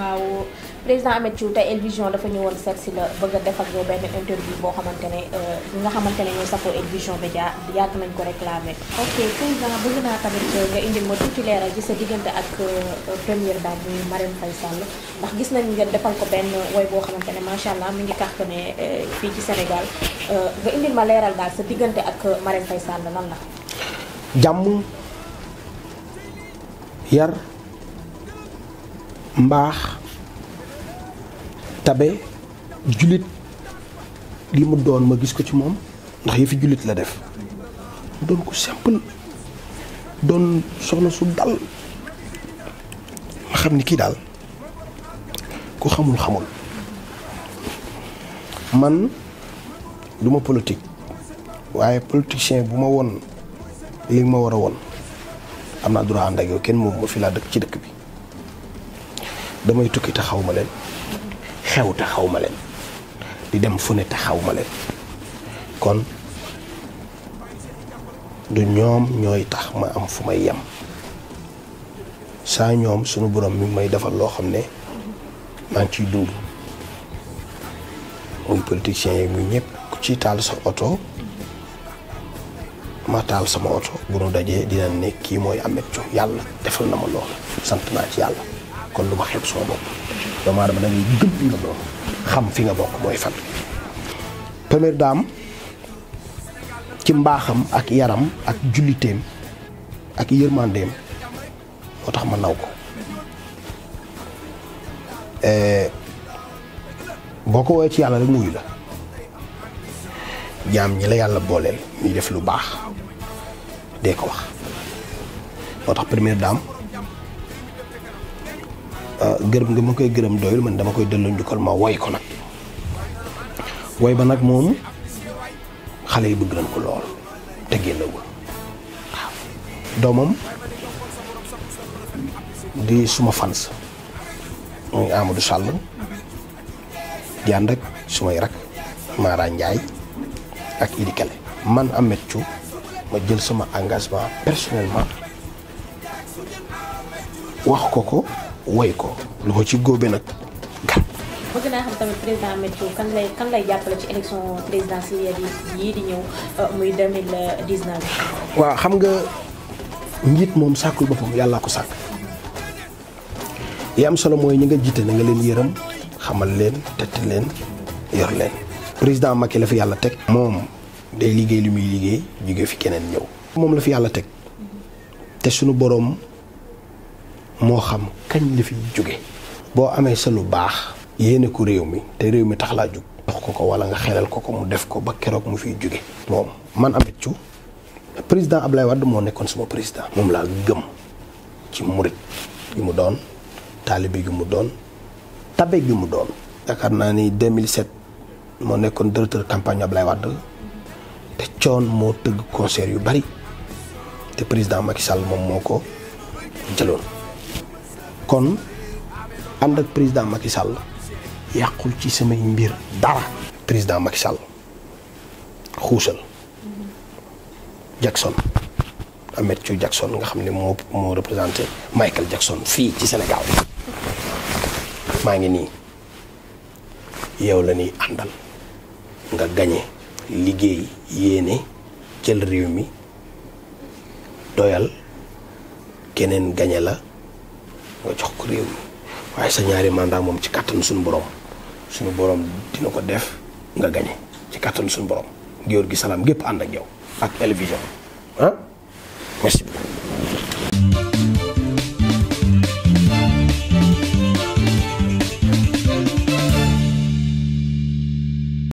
waaw président Ameth Thiou tey El Vision dafa ñëwoon set si la bëgg a def ak yow benn interview boo xamante ne ñi euh, nga xamante ne ñooy safoo El Vision Médias yàgg nañ ko réclamer. ok président bëgg naa tamit euh, nga indil ma tuuti leeral ci sa diggante ak euh, première dame muy Marème Faye Sall ndax gis nañ nga defal ko benn woy boo xamante ne macha allah mi ngi cartonné fii ci Sénégal nga indil ma leeral daal sa diggante ak Marème Faye Sall lan la. jàmm yar. mbaax tabe jullit li mu doon ma gis ko ci moom ndax yëfi jullit la def mu doon ko simple doon soxna su dal ma xam ni kii daal ku xamul xamul man du ma politique waaye politicien bu ma woon li ma war a woon am naa droit ànd ak yow kenn moom ma fi laa dëkk ci dëkk bi damay tukki te xaw ma leen xew te xaw ma leen di dem fu ne te xaw ma leen kon du ñoom ñooy tax ma am fu may yem saa ñoom sunu borom mi may defal loo xam ne maa ngi ciy dund muy politiciens yi muy ñëpp ku ci taal sa oto ma taal sama oto bu nu dajee dina ne kii mooy Ameth Thiou yàlla defal na ma loolu sant naa ci yàlla kon lu ma xeeb sama nga doon xam fi nga bokk mooy fan première dame ci mbaaxam ak yaram ak julliteem ak yërmandeem moo tax ma naw ko eh, boo ko woowee ci yàlla rek muy la jaam ñi la yàlla booleel ñuy def lu baax dee ko wax moo tax première dame gërëm nga ma koy gërëm doyul man dama koy delu njukkal ma way ko nak way ba nak mom xalé yi bëgg nañ ko lool te génnagul domam di suma fans muy Amadou Sall di and ak suma rak Mara Ndiaye ak Idi kale man amet Thiou ma jël sama engagement personnellement wax koko. woy ko lu ko ci góobe nag ga bëgg naa xam tamit président Ahmed Diouf kan lay jàppale ci élection présidentielle yii di ñëw euh, muy euh, waaw xam nga njiit moom sàkkul boppam yàllaa ko sàkk yi am solo mooy ñu nga jiite na nga leen yërëm xamal leen tett leen yor leen. président Macky la fi yàlla teg. moom day liggéey li muy liggéey jóge fi keneen ñëw. moom la fi yàlla teg te sunu boroom. mo xam kagn la fi joggé bo amé sa lu bax yéne ko réew mi te réew mi tax la jog tax ko ko wala nga xélal ko ko mu def ko ba kérok mu fi joggé mom man amé cu président Ablaye wad mo nékkon sama président mom la gëm ci mourid gi mu doon talibé gi mu doon tabé gi mu doon yaakaar na ni 2007 mo nékkon directeur campagne Ablaye wad té cion mo teug concert yu bari té président Macky Sall moom moo kon and ak président Macky Sall yàqul ci sama mbir dara président Macky Sall khoussal Jackson Ahmed Thiou Jackson nga xam mo mo représenter Michael Jackson fi ci Sénégal ma ngi ni yow la ni andal nga gañe liggéey yéene jël réew mi doyal keneen gagné la nga jox ko réew mi waaye sa ñaari mandat moom ci kàttan suñu borom suñu borom dina ko def nga gañe ci kàttan suñu borom géwél gi salaam gépp ànd ak yow ak El